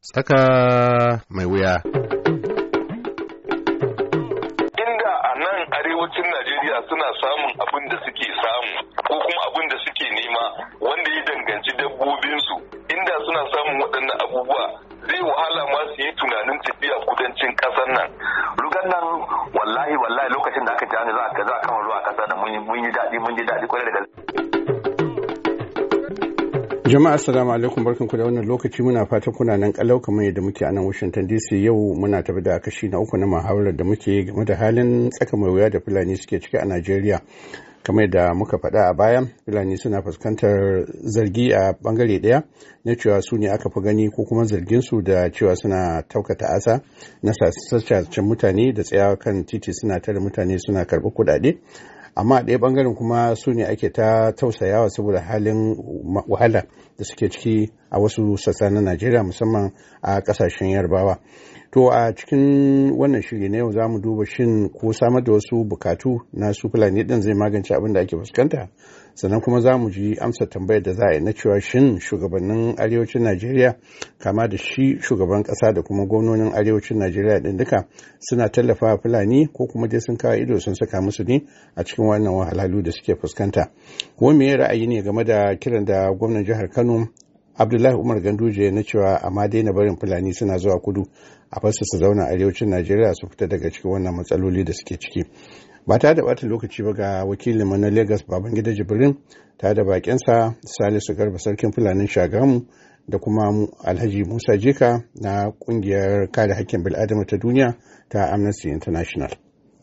Saka mai wuya. Inda a nan arewacin Najeriya suna samun abin da suke samu ko kuma abin da suke nema wanda ya danganci dabbobinsu inda suna samun waɗannan abubuwa zai wahala ma su yi tunanin tafiya kudancin ƙasar nan. Rugar nan wallahi wallahi lokacin da aka ji za a kama ruwa ƙasa da mun yi daɗi mun yi daɗi kwarai da gaske. Jama'a assalamu alaikum ku da wannan lokaci muna fatan kuna nan kalau kamar yadda muke a nan Washington DC yau muna tafi da kashi na uku na muhawarar da muke game da halin tsaka mai wuya da Fulani suke ciki a Najeriya. Kamar da muka faɗa a baya Fulani suna fuskantar zargi a bangare ɗaya na cewa su ne aka fi gani ko kuma zargin su da cewa suna taukata asa na sassacen mutane da tsayawa kan titi suna tare mutane suna karɓi kuɗaɗe. amma a ɗaya bangaren kuma su ne ake ta tausayawa saboda halin wahala da suke ciki a wasu sassa na najeriya musamman a ƙasashen yarbawa To a cikin wannan shiri na yau za mu duba shin ko samar da wasu bukatu na su Fulani ɗin zai magance abin da ake fuskanta? Sannan kuma za mu ji amsa tambayar da za a yi na cewa shin shugabannin arewacin Najeriya kama da shi shugaban ƙasa da kuma gwamnonin arewacin Najeriya ɗin duka suna tallafa Fulani ko kuma dai sun kawo ido sun saka musu ne a cikin wannan wahalhalu da suke fuskanta. Ko me ra'ayi ne game da kiran da gwamnan jihar Kano abdullahi umar ganduje na cewa amma daina barin fulani suna zuwa kudu a fasa su zauna arewacin najeriya su fita daga cikin wannan matsaloli da suke ciki ba ta da bata lokaci ba ga Wakilin mana lagos gida jibrin ta da bakinsa salisu garba sarkin fulanin shagamu da kuma alhaji musa jika na kungiyar kare hakkin bil'adama ta duniya ta amnesty international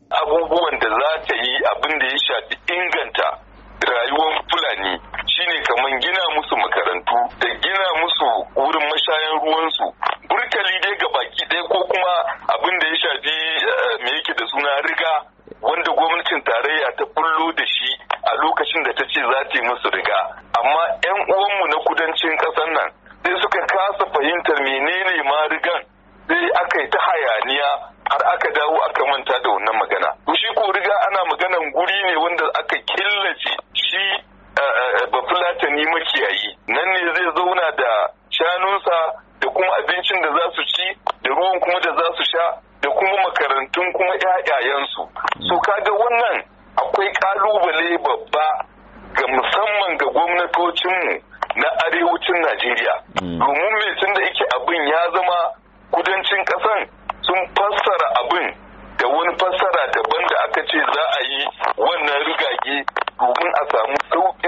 abubuwan da za ta yi abin da ya shafi inganta rayuwar fulani shine kamar gina ruwansu burtali dai ga baki ɗaya ko kuma abin da ya shafi eh, me yake da suna riga wanda gwamnatin tarayya ta bullo da shi a lokacin da ta ce za ta yi musu riga amma 'yan uwanmu na kudancin ƙasar nan sai suka kasa fahimtar menene ma rigan sai aka yi ta hayaniya har aka dawo aka manta da wannan magana shi ko riga ana maganan guri ne wanda aka killace shi eh, eh, fulatani makiyayi nan ne zai zauna da shanunsa kuma abincin da za su ci da ruwan kuma da za su sha da kuma makarantun kuma ƴaƴayensu so mm. kaga wannan akwai ƙalubale babba ga musamman ga gwamnatocinmu na arewacin Najeriya mm. domin mai tun da yake abin ya zama kudancin ƙasan sun fassara abin da wani fassara daban da aka ce za a yi wannan rigage domin a samu sauƙi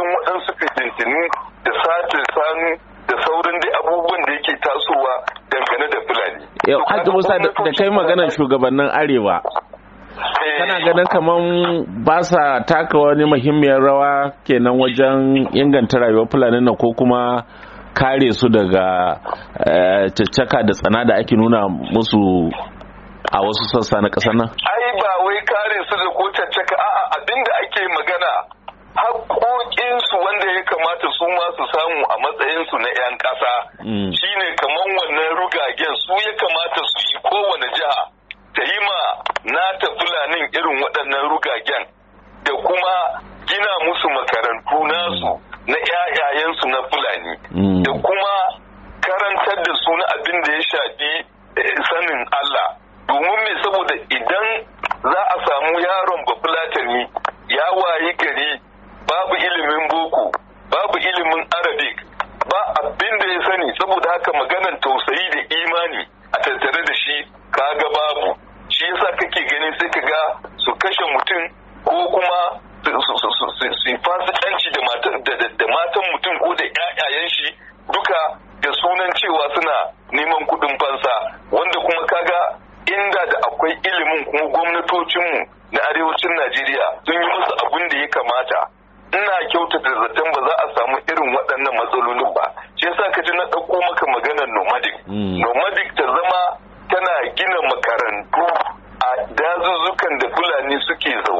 yau hajji musa da kai maganar shugabannin arewa eh. kana ganin kamar ba sa taka wani muhimmiyar rawa kenan wajen inganta rayuwar fulani na ko kuma kare su daga eh, caccaka da tsana da ake nuna musu a wasu sassa na ƙasar nan ai ba wai kare su da ko caccaka a'a abinda ake magana haƙoƙinsu wanda ya kamata su ma su samu a matsayinsu na 'yan ƙasa mm. shine kamar wannan rugagen su ya kamata su yi kowane jiha ta yi ma nata fulanin irin waɗannan rugagen da kuma gina musu makarantu nasu mm. na 'ya'yayensu na fulani mm. da kuma karantar da su na abin da ya shafi eh, sanin Allah domin me saboda idan za a samu yaron bafulatani ya wayi gari ilimin arabic ba abin da ya sani saboda haka maganan tausayi da imani a tattare da shi kaga babu shi yasa kake ganin sai ka ga su kashe mutum ko kuma su fasikanci da matan mutum ko da ƴaƴayen shi duka da sunan cewa suna neman kudin fansa wanda kuma kaga inda da akwai ilimin kuma gwamnatocinmu na arewacin najeriya sun yi musu abin da ya kamata ina kyautata zaton ba za a samu irin waɗannan matsalolin ba shi yasa ka ji na ɗauko maka maganar nomadic hmm. nomadic ta zama tana gina makarantu a dazuzzukan da fulani suke zaune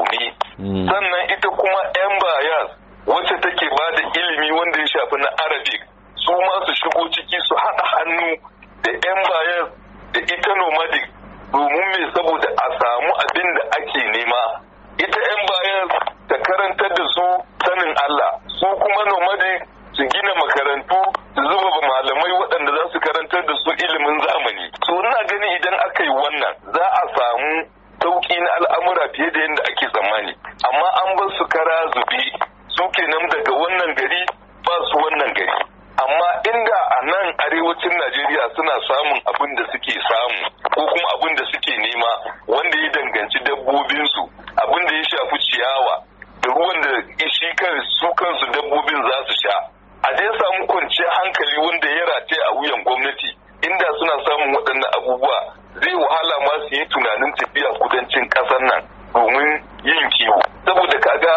wanda ya danganci dabbobinsu abin da ya shafi ciyawa da ruwan da shi kan su kansu dabbobin za su sha a dai samu kwanciyar hankali wanda ya rataye a wuyan gwamnati inda suna samun waɗannan abubuwa zai wahala ma su yi tunanin tafiya kudancin ƙasar nan domin yin kiwo saboda kaga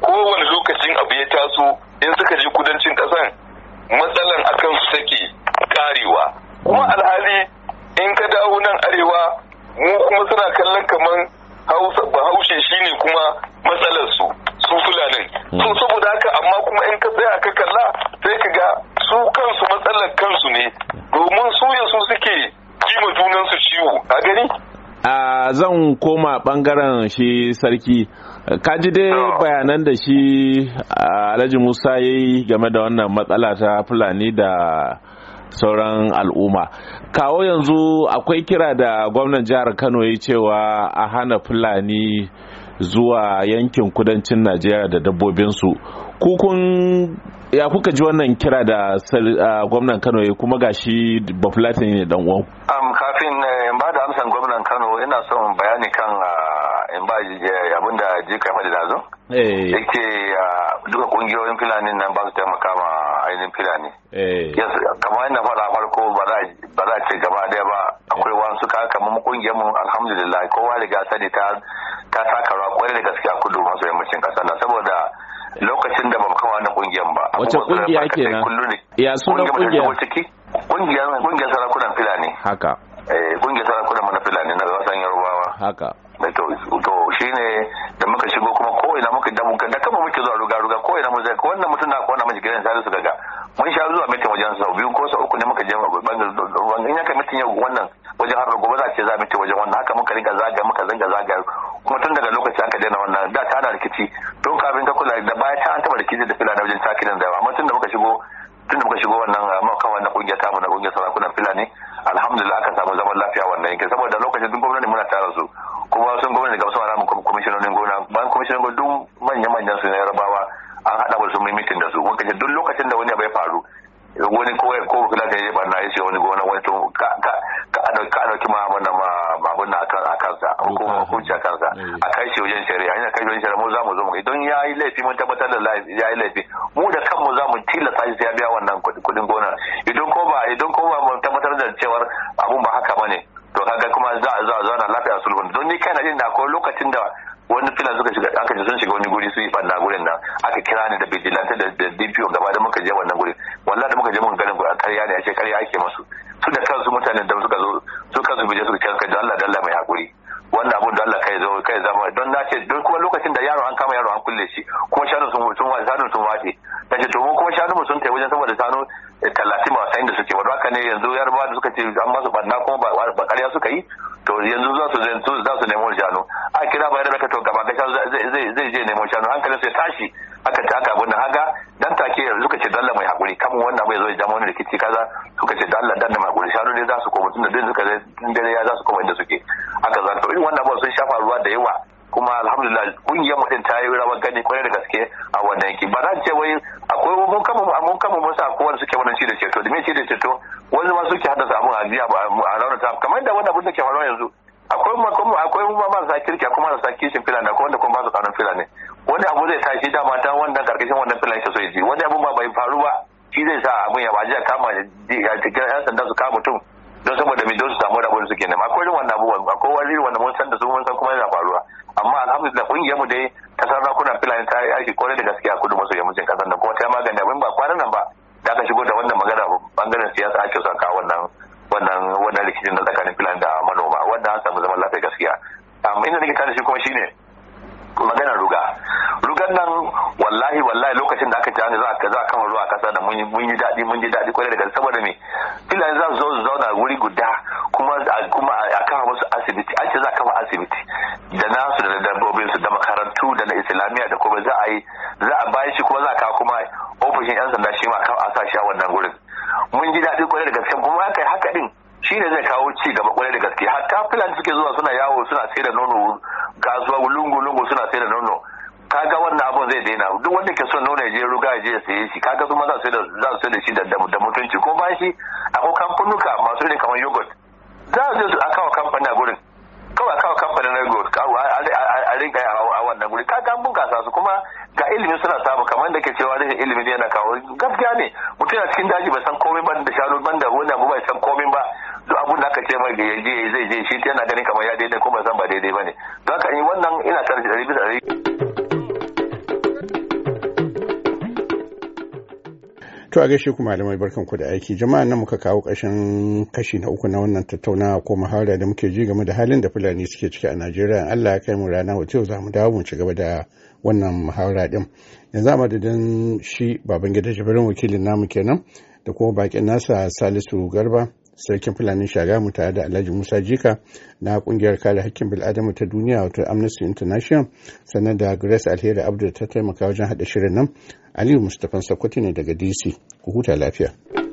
kowane lokacin abu ya taso in suka je kudancin ƙasar matsalan akan su take karewa kuma alhali in ka dawo nan arewa mu kuma suna kallon kamar hausa bahaushe shine kuma matsalar su su fulanin so hmm. saboda haka amma kuma in ka tsaya ka kalla sai ka ga su kansu matsalar kansu ne domin su su suke jima junan su ciwo a gani a zan koma bangaren shi sarki ka ji dai bayanan da shi alhaji musa ya yi game da wannan matsala ta fulani da sauran al'umma kawo yanzu akwai kira da gwamnan jihar kano ya cewa a hana fulani zuwa yankin kudancin najeriya da dabbobinsu kukun ya kuka ji wannan kira da gwamnan kano ya kuma gashi bafulatin ne dan uwan kafin eh, in ba da amsan gwamnan kano ina son bayani kan in ba eh, abin da jika faɗi da zo eh. yake duka kungiyoyin filanin nan ba su taimaka ma ainihin fulani eh. kamar yadda faɗa farko ba za ce gaba ɗaya ba akwai wasu ka kamar kungiyar mu alhamdulillah kowa riga sani ta ta taka rawa kwarai da gaskiya kudu maso yammacin ƙasar na saboda lokacin da ba mu kawo wannan kungiyar ba wace kungiya kenan ya sunan kungiyar kungiyar kungiyar sarakunan fulani haka kungiyar eh, sarakunan mana fulani na wasan yarubawa haka eh, to shine da muka shigo kuma ko ina muka da muka da kama muke zuwa ruga ruga ko ina mu zai wannan mutum na kona mu gidan sai su ga in ya mutum yau wannan wajen harbar gobe za a ce za mu wajen wannan haka muka riga zaga muka zanga zaga kuma tun daga lokaci an ka daina wannan da ta na rikici don kafin ka kula da baya ta an taba rikici da fulani wajen takirin da amma tun da muka shigo tun da muka shigo wannan makan wannan kungiya tamu na kungiyar sarakunan fulani alhamdulillah aka samu zaman lafiya wannan yankin saboda lokacin kunna a kansa hukumar hukunci a kansa a eh. kai shi wajen shari'a ina kai wajen shari'a mu za mu zo mu idan ya yi laifi mun tabbatar da ya yi laifi mu da kanmu za mu tilasta shi ya biya wannan kuɗin gona idan ko ba idan ko ba mu tabbatar da cewar abun ba haka bane to kaga kuma za a na lafiya sulhun don ni kana jin da ko lokacin da wani filan suka shiga aka ji sun shiga wani guri su yi fanna gurin nan aka kira ni da bijilanta da DPO gaba da muka je wannan guri wallahi da muka je muka ganin a karya ne a ce karya ake masu su da kansu mutanen da suka zo su kansu bije suka ce Allah da suka ce an masu banna ko ba ƙarya suka yi to yanzu za su za su nemo shanu a kira bayan da ka to gaba ga zai zai je nemo shanu hankalin sai tashi aka ta aka abin haga dan take suka ce dalla mai hakuri kan wannan bai zo ya jama wani rikici kaza suka ce dalla dan da mai hakuri shanu ne za su koma tunda da suka zai dare ya za su koma inda suke aka zato irin wannan ba sun shafa ruwa da yawa kuma alhamdulillah kungiyar mu din ta yi rawar gani kwarai da gaske a wannan yanki ba zan ce wai akwai mun kama mun kama mun akwai wanda suke wannan ci da ceto da me shi da ceto wani ma suke haddasa abun a jiya a ta kamar da wanda abun da ke faruwa yanzu akwai ma mu akwai ma sa kirki akwai sa kishin filan da akwai wanda kuma ba su kanun filan ne wani abu zai tashi da mata wannan karkashin wannan filan yake so ya ji wani abu ma bai faru ba shi zai sa abun ya ba jiya kama ya yan sanda su kama mutum don saboda me don su samu suke nema akwai irin wannan abubuwan akwai wani irin wannan mun san da su mun san kuma yana faruwa amma alhamdulillah kungiyar mu dai ta kuna filayen ta yi aiki kwarai da gaskiya kudu maso yammacin kasar nan kuma ta magani abin ba kwanan nan ba da aka shigo da wannan magana bangaren siyasa ake son kawo wannan wannan wannan rikicin na tsakanin filayen da manoma wanda an samu zaman lafiya gaskiya amma inda nake tare shi kuma shine maganar ruga rugan nan wallahi wallahi lokacin da aka tani za a kama ruwa kasa da mun yi daɗi mun yi daɗi kwarai da gaske saboda me filayen za su zo su zauna wuri guda kuma kuma a kafa musu asibiti an ce za a kafa asibiti da nasu da dabbobin su da makarantu da na islamiyya da kuma za a yi za a bayan shi kuma za a kawo kuma ofishin yan sanda shi ma a sa shi a wannan gurin mun ji daɗi kwarai da gaske kuma yi haka din shi ne zai kawo ci gaba kwarai da gaske hatta fulani suke zuwa suna yawo suna sai da nono kasuwa lungu lungu suna sai da nono kaga wannan abun zai daina duk wanda ke son nono ya je ruga ya je ya saye shi kaga kuma za su sai da shi da mutunci ko bayan shi akwai kamfanuka masu ne kamar yogurt yana ganin kamar ya daidai ko ba zan ba daidai ba ne don haka in wannan ina tare da bisa ɗari. To a gaishe ku malamai barkan ku da aiki jama'a nan muka kawo ƙashin kashi na uku na wannan tattaunawa ko muhawara da muke ji game da halin da Fulani suke ciki a Najeriya Allah ya kai mu rana wa za mu dawo mu ci gaba da wannan muhawara din yanzu a madadin shi baban gida jibirin wakilin namu kenan da kuma bakin nasa Salisu Garba sarkin fulani mu tare da alhaji musa jika na kungiyar kare hakkin bil'adama ta duniya wato amnesty international sannan da grace alheri abdul ta taimaka wajen haɗa shirin nan aliyu mustapha sakwati ne daga dc ku huta lafiya